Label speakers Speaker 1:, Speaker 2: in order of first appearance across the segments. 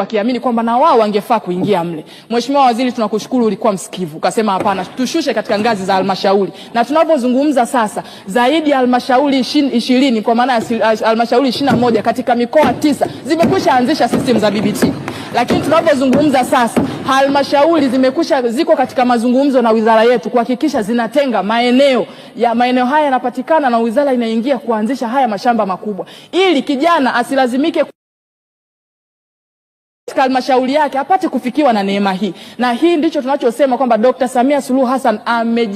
Speaker 1: wakiamini kwamba na wao wangefaa kuingia mle. Mheshimiwa Waziri, tunakushukuru, ulikuwa msikivu, ukasema hapana, tushushe katika ngazi za halmashauri, na tunapozungumza sasa zaidi ya halmashauri ishirini kwa maana ya halmashauri ishirini na moja katika mikoa tisa zimekwisha anzisha system za BBT, lakini tunapozungumza sasa halmashauri zimekusha ziko katika mazungumzo na wizara yetu kuhakikisha zinatenga maeneo ya maeneo haya yanapatikana na wizara inaingia kuanzisha haya mashamba makubwa ili kijana asilazimike katika halmashauri yake apate kufikiwa na neema hii, na hii ndicho tunachosema kwamba Dr. Samia Suluhu Hassan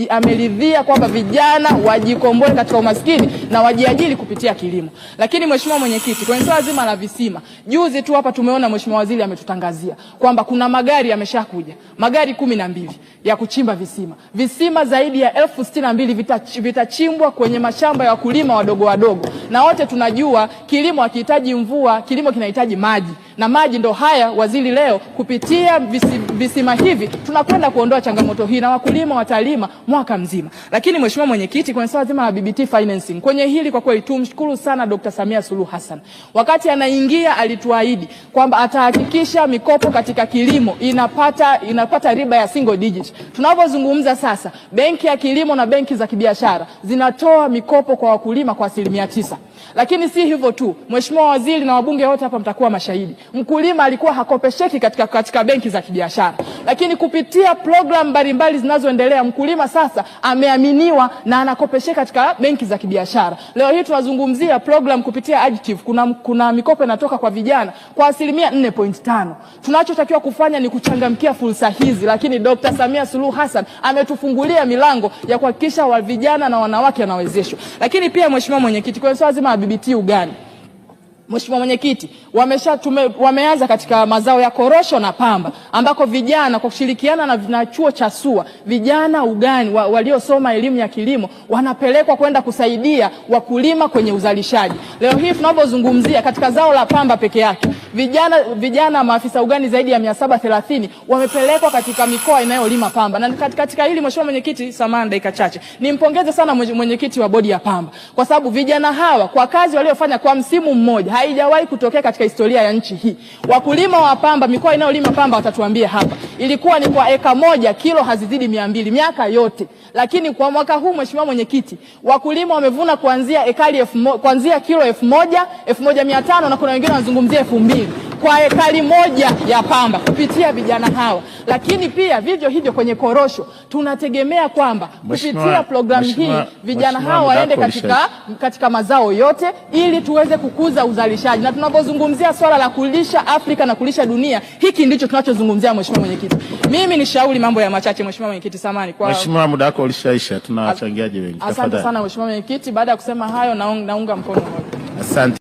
Speaker 1: ameridhia kwamba vijana wajikomboe katika umaskini na wajiajiri kupitia kilimo. Lakini mheshimiwa mwenyekiti, kwenye swala zima la visima, juzi tu hapa tumeona mheshimiwa waziri ametutangazia kwamba kuna magari yameshakuja, magari kumi na mbili ya kuchimba visima. Visima zaidi ya elfu sitini na mbili vitachimbwa vita kwenye mashamba ya wakulima wadogo wadogo, na wote tunajua kilimo hakihitaji mvua, kilimo kinahitaji maji na maji ndo haya waziri leo kupitia visi, visima hivi tunakwenda kuondoa changamoto hii na wakulima watalima mwaka mzima. Lakini mheshimiwa mwenyekiti, kwenye swala zima la BBT financing, kwenye hili kwa kweli tumshukuru sana Dr. Samia Suluhu Hassan. Wakati anaingia alituahidi kwamba atahakikisha mikopo katika kilimo inapata inapata riba ya single digit. Tunavyozungumza sasa, benki ya kilimo na benki za kibiashara zinatoa mikopo kwa wakulima kwa asilimia tisa. Lakini si hivyo tu, mheshimiwa waziri na wabunge wote hapa mtakuwa mashahidi mkulima alikuwa hakopesheki katika, katika benki za kibiashara, lakini kupitia programu mbalimbali zinazoendelea mkulima sasa ameaminiwa na anakopesheka katika benki za kibiashara. Leo hii tunazungumzia program kupitia Adjective, kuna, kuna mikopo inatoka kwa vijana kwa asilimia 4.5. Tunachotakiwa kufanya ni kuchangamkia fursa hizi, lakini Dr. Samia Suluhu Hassan ametufungulia milango ya kuhakikisha wa vijana na wanawake wanawezeshwa. Lakini pia Mheshimiwa Mwenyekiti, kwenye swala zima la BBT ugani Mheshimiwa Mwenyekiti, wamesha tume, wameanza katika mazao ya korosho na pamba ambako vijana kwa kushirikiana na, na chuo cha SUA vijana ugani wa, waliosoma elimu ya kilimo wanapelekwa kwenda kusaidia wakulima kwenye uzalishaji. Leo hii tunapozungumzia katika zao la pamba peke yake vijana, vijana maafisa ugani zaidi ya thelathini wamepelekwa katika mikoa inayolima pamba. Na katika hili Mheshimiwa Mwenyekiti, samahani dakika chache, nimpongeze sana mwenyekiti wa bodi ya pamba kwa sababu vijana hawa kwa kazi waliofanya kwa msimu mmoja haijawahi kutokea katika historia ya nchi hii. Wakulima wa pamba, mikoa inayolima pamba watatuambia hapa, ilikuwa ni kwa eka moja kilo hazizidi mia mbili miaka yote, lakini kwa mwaka huu, mheshimiwa mwenyekiti, wakulima wamevuna kuanzia ekari kuanzia kilo elfu moja elfu moja mia tano na kuna wengine wanazungumzia elfu mbili kwa ekari moja ya pamba kupitia vijana hawa, lakini pia vivyo hivyo kwenye korosho tunategemea kwamba kupitia programu hii vijana hawa waende katika, katika mazao yote ili tuweze kukuza uzalishaji, na tunapozungumzia swala la kulisha Afrika na kulisha dunia, hiki ndicho tunachozungumzia. Mheshimiwa Mwenyekiti, mimi ni shauri mambo ya machache. Mheshimiwa Mwenyekiti, samani
Speaker 2: kwa Mheshimiwa, muda wako ulishaisha, tuna wachangiaji wengi.
Speaker 1: Asante sana Mheshimiwa Mwenyekiti, baada ya kusema hayo naunga mkono hoja. Asante.